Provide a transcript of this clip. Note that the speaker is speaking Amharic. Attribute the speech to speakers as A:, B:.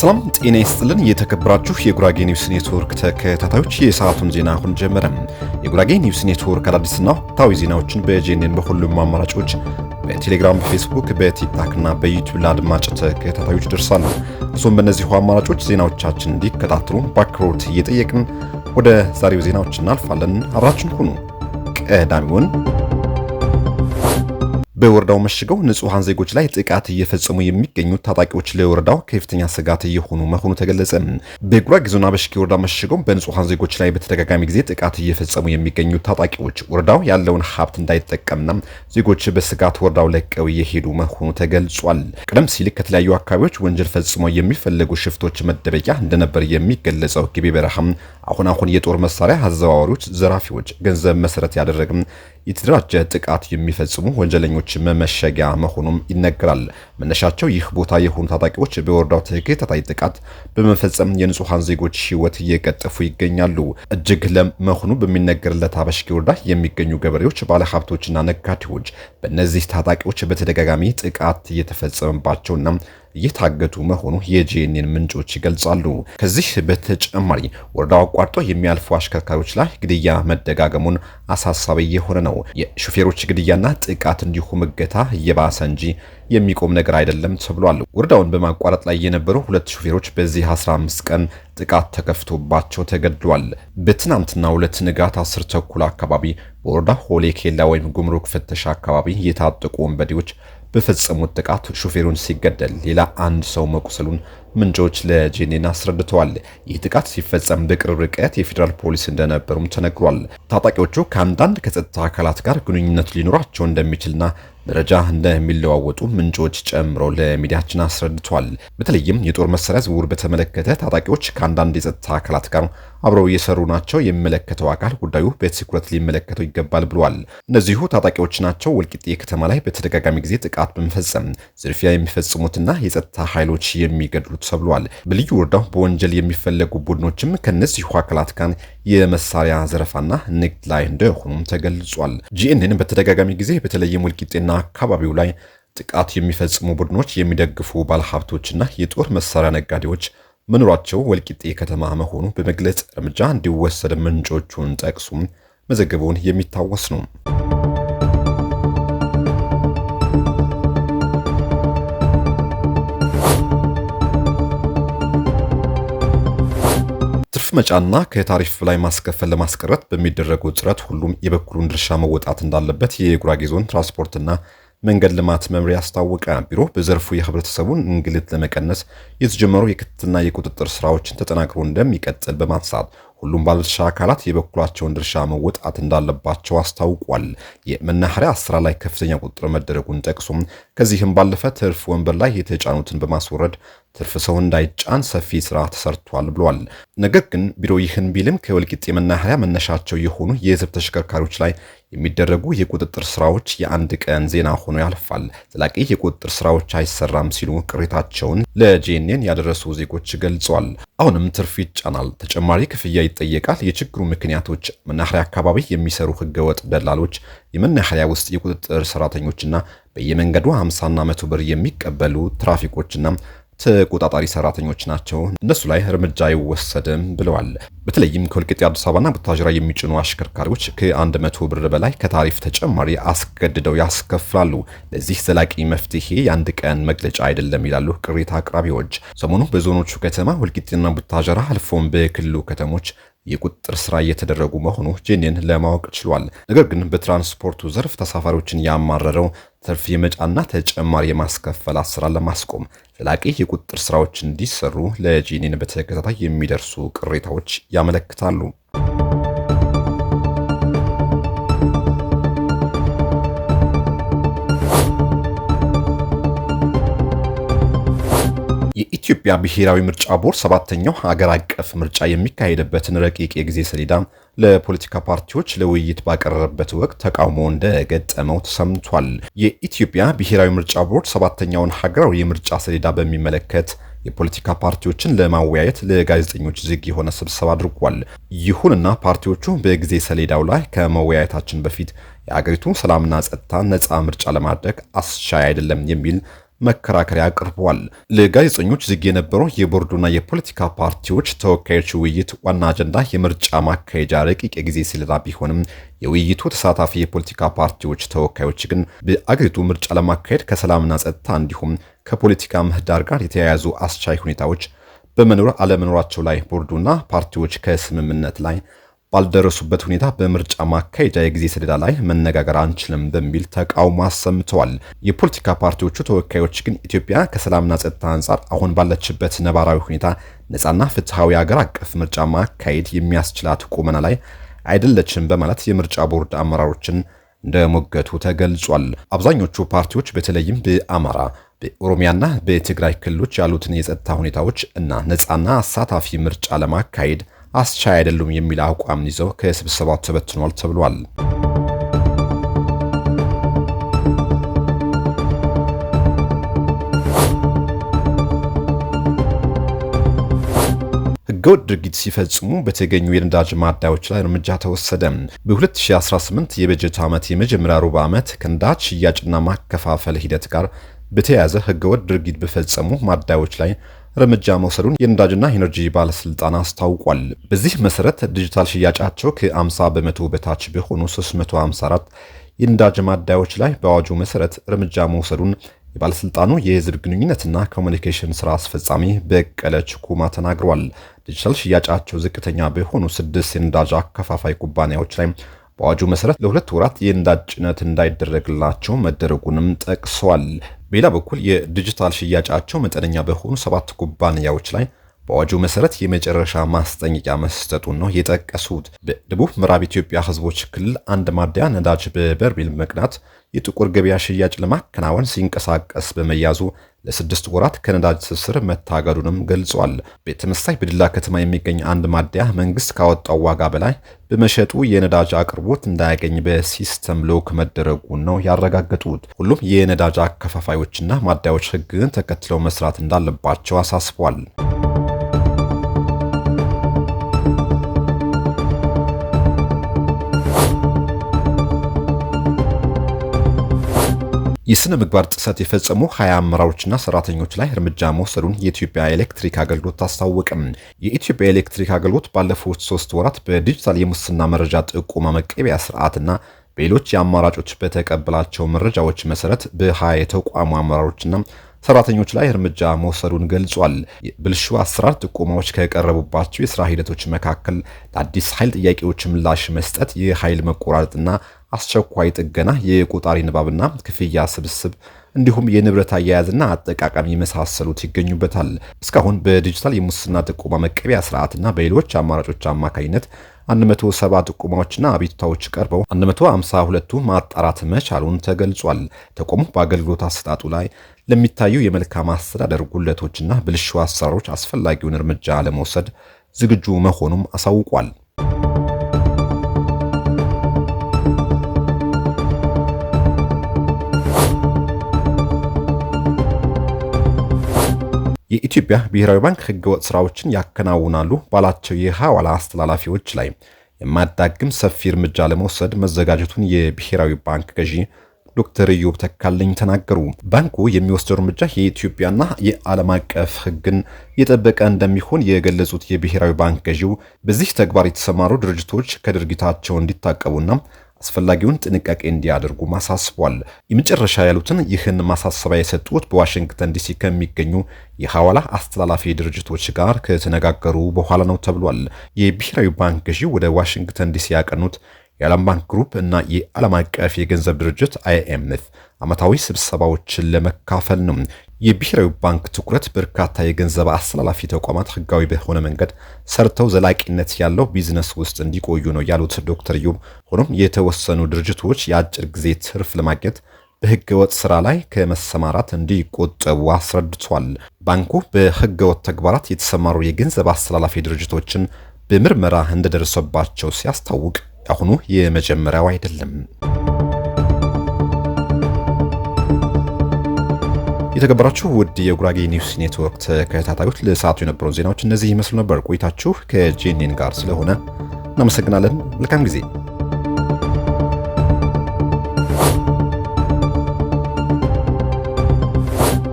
A: ሰላም ጤና ይስጥልን። የተከበራችሁ የጉራጌ ኒውስ ኔትወርክ ተከታታዮች የሰዓቱን ዜና አሁን ጀመረ። የጉራጌ ኒውስ ኔትወርክ አዳዲስና ወቅታዊ ዜናዎችን በጄኔን በሁሉም አማራጮች በቴሌግራም፣ በፌስቡክ፣ በቲክታክ እና በዩቲዩብ ለአድማጭ ተከታታዮች ደርሳሉ። እሱም በእነዚሁ አማራጮች ዜናዎቻችን እንዲከታተሉ በአክብሮት እየጠየቅን ወደ ዛሬው ዜናዎች እናልፋለን። አብራችን ሁኑ። ቀዳሚውን በወረዳው መሽገው ንጹሐን ዜጎች ላይ ጥቃት እየፈጸሙ የሚገኙ ታጣቂዎች ለወረዳው ከፍተኛ ስጋት እየሆኑ መሆኑ ተገለጸ። በጉራጌ ዞን አበሽጌ ወረዳ መሽገው በንጹሐን ዜጎች ላይ በተደጋጋሚ ጊዜ ጥቃት እየፈጸሙ የሚገኙ ታጣቂዎች ወረዳው ያለውን ሀብት እንዳይጠቀምና ዜጎች በስጋት ወረዳው ለቀው እየሄዱ መሆኑ ተገልጿል። ቀደም ሲል ከተለያዩ አካባቢዎች ወንጀል ፈጽመው የሚፈለጉ ሽፍቶች መደበቂያ እንደነበር የሚገለጸው ግቤ በረሃም አሁን አሁን የጦር መሳሪያ አዘዋዋሪዎች፣ ዘራፊዎች፣ ገንዘብ መሰረት ያደረግም የተደራጀ ጥቃት የሚፈጽሙ ወንጀለኞች መመሸጊያ መሆኑም ይነገራል። መነሻቸው ይህ ቦታ የሆኑ ታጣቂዎች በወረዳው ተከታታይ ጥቃት በመፈጸም የንጹሐን ዜጎች ሕይወት እየቀጠፉ ይገኛሉ። እጅግ ለም መሆኑ በሚነገርለት አበሽጌ ወረዳ የሚገኙ ገበሬዎች፣ ባለሀብቶችና ነጋዴዎች በእነዚህ ታጣቂዎች በተደጋጋሚ ጥቃት እየተፈጸመባቸውና እየታገቱ መሆኑ የጄኔን ምንጮች ይገልጻሉ። ከዚህ በተጨማሪ ወረዳው አቋርጦ የሚያልፉ አሽከርካሪዎች ላይ ግድያ መደጋገሙን አሳሳቢ የሆነ ነው። የሹፌሮች ግድያና ጥቃት እንዲሁም እገታ እየባሰ እንጂ የሚቆም ነገር አይደለም ተብሏል። ወረዳውን በማቋረጥ ላይ የነበሩ ሁለት ሾፌሮች በዚህ 15 ቀን ጥቃት ተከፍቶባቸው ተገድሏል። በትናንትና ሁለት ንጋት አስር ተኩል አካባቢ በወረዳ ሆሌ ኬላ ወይም ጉምሩክ ፍተሻ አካባቢ የታጠቁ ወንበዴዎች በፈጸሙት ጥቃት ሹፌሩን ሲገደል ሌላ አንድ ሰው መቁሰሉን ምንጮች ለጄኔን አስረድተዋል። ይህ ጥቃት ሲፈጸም በቅርብ ርቀት የፌዴራል ፖሊስ እንደነበሩም ተነግሯል። ታጣቂዎቹ ከአንዳንድ ከጸጥታ አካላት ጋር ግንኙነት ሊኖራቸው እንደሚችልና መረጃ እንደሚለዋወጡ ምንጮች ጨምሮ ለሚዲያችን አስረድተዋል። በተለይም የጦር መሳሪያ ዝውውር በተመለከተ ታጣቂዎች ከአንዳንድ የጸጥታ አካላት ጋር አብረው እየሰሩ ናቸው። የሚመለከተው አካል ጉዳዩ በትኩረት ሊመለከተው ይገባል ብሏል። እነዚሁ ታጣቂዎች ናቸው ወልቂጤ ከተማ ላይ በተደጋጋሚ ጊዜ ጥቃት በመፈጸም ዝርፊያ የሚፈጽሙትና የጸጥታ ኃይሎች የሚገድሉት ተብሏል። በልዩ ወረዳው በወንጀል የሚፈለጉ ቡድኖችም ከነዚሁ አካላት ጋር የመሳሪያ ዘረፋና ንግድ ላይ እንደሆኑም ተገልጿል። ጂኤንኤን በተደጋጋሚ ጊዜ በተለይም ወልቂጤና አካባቢው ላይ ጥቃት የሚፈጽሙ ቡድኖች የሚደግፉ ባለሀብቶችና የጦር መሳሪያ ነጋዴዎች መኖራቸው ወልቂጤ ከተማ መሆኑ በመግለጽ እርምጃ እንዲወሰድ ምንጮቹን ጠቅሱም መዘገበውን የሚታወስ ነው። ትርፍ መጫና ከታሪፍ ላይ ማስከፈል ለማስቀረት በሚደረገው ጥረት ሁሉም የበኩሉን ድርሻ መወጣት እንዳለበት የጉራጌ ዞን ትራንስፖርትና መንገድ ልማት መምሪያ አስታወቀ። ቢሮ በዘርፉ የህብረተሰቡን እንግልት ለመቀነስ የተጀመሩ የክትትልና የቁጥጥር ስራዎችን ተጠናክሮ እንደሚቀጥል በማንሳት ሁሉም ባለድርሻ አካላት የበኩላቸውን ድርሻ መወጣት እንዳለባቸው አስታውቋል። የመናኸሪያ ስራ ላይ ከፍተኛ ቁጥጥር መደረጉን ጠቅሶም ከዚህም ባለፈ ትርፍ ወንበር ላይ የተጫኑትን በማስወረድ ትርፍ ሰው እንዳይጫን ሰፊ ስራ ተሰርቷል ብሏል። ነገር ግን ቢሮ ይህን ቢልም ከወልቂጤ መናኸሪያ መነሻቸው የሆኑ የህዝብ ተሽከርካሪዎች ላይ የሚደረጉ የቁጥጥር ስራዎች የአንድ ቀን ዜና ሆኖ ያልፋል፣ ዘላቂ የቁጥጥር ስራዎች አይሰራም ሲሉ ቅሬታቸውን ለጄኔን ያደረሱ ዜጎች ገልጿል። አሁንም ትርፍ ይጫናል፣ ተጨማሪ ክፍያ ይጠየቃል። የችግሩ ምክንያቶች መናኸሪያ አካባቢ የሚሰሩ ህገወጥ ደላሎች፣ የመናኸሪያ ውስጥ የቁጥጥር ሰራተኞችና በየመንገዱ 50ና 100 ብር የሚቀበሉ ትራፊኮችና ተቆጣጣሪ ሰራተኞች ናቸው፣ እነሱ ላይ እርምጃ አይወሰድም ብለዋል። በተለይም ከወልቂጤ አዲስ አበባና ቡታጅራ የሚጭኑ አሽከርካሪዎች ከ100 ብር በላይ ከታሪፍ ተጨማሪ አስገድደው ያስከፍላሉ። ለዚህ ዘላቂ መፍትሄ የአንድ ቀን መግለጫ አይደለም ይላሉ ቅሬታ አቅራቢዎች። ሰሞኑ በዞኖቹ ከተማ ወልቂጤና ቡታጀራ አልፎም በክልሉ ከተሞች የቁጥጥር ስራ እየተደረጉ መሆኑ ጄኔን ለማወቅ ችሏል። ነገር ግን በትራንስፖርቱ ዘርፍ ተሳፋሪዎችን ያማረረው ትርፍ የመጫና ተጨማሪ የማስከፈል አሰራር ለማስቆም ዘላቂ የቁጥጥር ስራዎች እንዲሰሩ ለጄኔን በተከታታይ የሚደርሱ ቅሬታዎች ያመለክታሉ። የኢትዮጵያ ብሔራዊ ምርጫ ቦርድ ሰባተኛው ሀገር አቀፍ ምርጫ የሚካሄድበትን ረቂቅ የጊዜ ሰሌዳ ለፖለቲካ ፓርቲዎች ለውይይት ባቀረበበት ወቅት ተቃውሞ እንደገጠመው ተሰምቷል። የኢትዮጵያ ብሔራዊ ምርጫ ቦርድ ሰባተኛውን ሀገራዊ የምርጫ ሰሌዳ በሚመለከት የፖለቲካ ፓርቲዎችን ለማወያየት ለጋዜጠኞች ዝግ የሆነ ስብሰባ አድርጓል። ይሁንና ፓርቲዎቹ በጊዜ ሰሌዳው ላይ ከመወያየታችን በፊት የአገሪቱ ሰላምና ጸጥታ ነፃ ምርጫ ለማድረግ አስቻይ አይደለም የሚል መከራከሪያ አቅርበዋል። ለጋዜጠኞች ዝግ የነበረው የቦርዱና የፖለቲካ ፓርቲዎች ተወካዮች ውይይት ዋና አጀንዳ የምርጫ ማካሄጃ ረቂቅ የጊዜ ሰሌዳ ቢሆንም የውይይቱ ተሳታፊ የፖለቲካ ፓርቲዎች ተወካዮች ግን በአገሪቱ ምርጫ ለማካሄድ ከሰላምና ጸጥታ እንዲሁም ከፖለቲካ ምህዳር ጋር የተያያዙ አስቻይ ሁኔታዎች በመኖር አለመኖራቸው ላይ ቦርዱና ፓርቲዎች ከስምምነት ላይ ባልደረሱበት ሁኔታ በምርጫ ማካሄጃ የጊዜ ሰሌዳ ላይ መነጋገር አንችልም በሚል ተቃውሞ አሰምተዋል። የፖለቲካ ፓርቲዎቹ ተወካዮች ግን ኢትዮጵያ ከሰላምና ጸጥታ አንጻር አሁን ባለችበት ነባራዊ ሁኔታ ነፃና ፍትሐዊ አገር አቀፍ ምርጫ ማካሄድ የሚያስችላት ቁመና ላይ አይደለችም በማለት የምርጫ ቦርድ አመራሮችን እንደሞገቱ ተገልጿል። አብዛኞቹ ፓርቲዎች በተለይም በአማራ በኦሮሚያና በትግራይ ክልሎች ያሉትን የጸጥታ ሁኔታዎች እና ነፃና አሳታፊ ምርጫ ለማካሄድ አስቻይ አይደሉም የሚል አቋም ይዘው ከስብሰባው ተበትኗል ተብሏል። ህገወጥ ድርጊት ሲፈጽሙ በተገኙ የነዳጅ ማደያዎች ላይ እርምጃ ተወሰደ። በ2018 የበጀት ዓመት የመጀመሪያ ሩብ ዓመት ከነዳጅ ሽያጭና ማከፋፈል ሂደት ጋር በተያያዘ ህገወጥ ድርጊት በፈጸሙ ማደያዎች ላይ እርምጃ መውሰዱን የነዳጅና ኢነርጂ ባለስልጣን አስታውቋል። በዚህ መሰረት ዲጂታል ሽያጫቸው ከ50 በመቶ በታች በሆኑ 354 የነዳጅ ማደያዎች ላይ በአዋጁ መሰረት እርምጃ መውሰዱን የባለስልጣኑ የህዝብ ግንኙነትና ኮሚኒኬሽን ስራ አስፈጻሚ በቀለ ችኩማ ተናግሯል። ዲጂታል ሽያጫቸው ዝቅተኛ በሆኑ ስድስት የነዳጅ አከፋፋይ ኩባንያዎች ላይ በአዋጁ መሰረት ለሁለት ወራት የነዳጅ ጭነት እንዳይደረግላቸው መደረጉንም ጠቅሷል። በሌላ በኩል የዲጂታል ሽያጫቸው መጠነኛ በሆኑ ሰባት ኩባንያዎች ላይ በአዋጁ መሰረት የመጨረሻ ማስጠንቀቂያ መስጠቱን ነው የጠቀሱት። በደቡብ ምዕራብ ኢትዮጵያ ህዝቦች ክልል አንድ ማደያ ነዳጅ በበርሜል ምክንያት የጥቁር ገበያ ሽያጭ ለማከናወን ሲንቀሳቀስ በመያዙ ለስድስት ወራት ከነዳጅ ስስር መታገዱንም ገልጿል። በተመሳሳይ በድላ ከተማ የሚገኝ አንድ ማደያ መንግስት ካወጣው ዋጋ በላይ በመሸጡ የነዳጅ አቅርቦት እንዳያገኝ በሲስተም ሎክ መደረጉን ነው ያረጋገጡት። ሁሉም የነዳጅ አከፋፋዮችና ማደያዎች ህግን ተከትለው መስራት እንዳለባቸው አሳስቧል። የስነ ምግባር ጥሰት የፈጸሙ ሀያ አመራሮችና ሰራተኞች ላይ እርምጃ መውሰዱን የኢትዮጵያ ኤሌክትሪክ አገልግሎት አስታወቀም። የኢትዮጵያ ኤሌክትሪክ አገልግሎት ባለፉት ሶስት ወራት በዲጂታል የሙስና መረጃ ጥቆማ መቀበያ ስርዓትና በሌሎች የአማራጮች በተቀበላቸው መረጃዎች መሰረት በሀያ የተቋሙ አመራሮችና ሰራተኞች ላይ እርምጃ መውሰዱን ገልጿል። ብልሹ አሰራር ጥቆማዎች ከቀረቡባቸው የስራ ሂደቶች መካከል ለአዲስ ኃይል ጥያቄዎች ምላሽ መስጠት፣ የኃይል መቆራረጥና አስቸኳይ ጥገና፣ የቆጣሪ ንባብና ክፍያ ስብስብ እንዲሁም የንብረት አያያዝና አጠቃቀም የመሳሰሉት ይገኙበታል። እስካሁን በዲጂታል የሙስና ጥቆማ መቀበያ ስርዓትና በሌሎች አማራጮች አማካኝነት 170 ጥቆማዎችና አቤቱታዎች ቀርበው 152ቱ ማጣራት መቻሉን ተገልጿል። ተቋሙ በአገልግሎት አሰጣጡ ላይ ለሚታዩ የመልካም አስተዳደር ጉለቶችና ብልሹ አሰራሮች አስፈላጊውን እርምጃ ለመውሰድ ዝግጁ መሆኑም አሳውቋል። የኢትዮጵያ ብሔራዊ ባንክ ህገወጥ ስራዎችን ያከናውናሉ ባላቸው የሐዋላ አስተላላፊዎች ላይ የማዳግም ሰፊ እርምጃ ለመውሰድ መዘጋጀቱን የብሔራዊ ባንክ ገዢ ዶክተር ኢዮብ ተካልኝ ተናገሩ። ባንኩ የሚወስደው እርምጃ የኢትዮጵያና የዓለም አቀፍ ህግን የጠበቀ እንደሚሆን የገለጹት የብሔራዊ ባንክ ገዢው በዚህ ተግባር የተሰማሩ ድርጅቶች ከድርጊታቸው እንዲታቀቡና አስፈላጊውን ጥንቃቄ እንዲያደርጉ ማሳስቧል። የመጨረሻ ያሉትን ይህን ማሳሰቢያ የሰጡት በዋሽንግተን ዲሲ ከሚገኙ የሐዋላ አስተላላፊ ድርጅቶች ጋር ከተነጋገሩ በኋላ ነው ተብሏል። የብሔራዊ ባንክ ገዢ ወደ ዋሽንግተን ዲሲ ያቀኑት የዓለም ባንክ ግሩፕ እና የዓለም አቀፍ የገንዘብ ድርጅት አይኤምኤፍ ዓመታዊ ስብሰባዎችን ለመካፈል ነው። የብሔራዊ ባንክ ትኩረት በርካታ የገንዘብ አስተላላፊ ተቋማት ህጋዊ በሆነ መንገድ ሰርተው ዘላቂነት ያለው ቢዝነስ ውስጥ እንዲቆዩ ነው ያሉት ዶክተር ዩብ፣ ሆኖም የተወሰኑ ድርጅቶች የአጭር ጊዜ ትርፍ ለማግኘት በህገወጥ ስራ ላይ ከመሰማራት እንዲቆጠቡ አስረድቷል። ባንኩ በህገወጥ ተግባራት የተሰማሩ የገንዘብ አስተላላፊ ድርጅቶችን በምርመራ እንደደረሰባቸው ሲያስታውቅ አሁኑ የመጀመሪያው አይደለም። የተከበራችሁ ውድ የጉራጌ ኒውስ ኔትወርክ ተከታታዮች ለሰዓቱ የነበሩን ዜናዎች እነዚህ ይመስሉ ነበር። ቆይታችሁ ከጄኔን ጋር ስለሆነ እናመሰግናለን። መልካም ጊዜ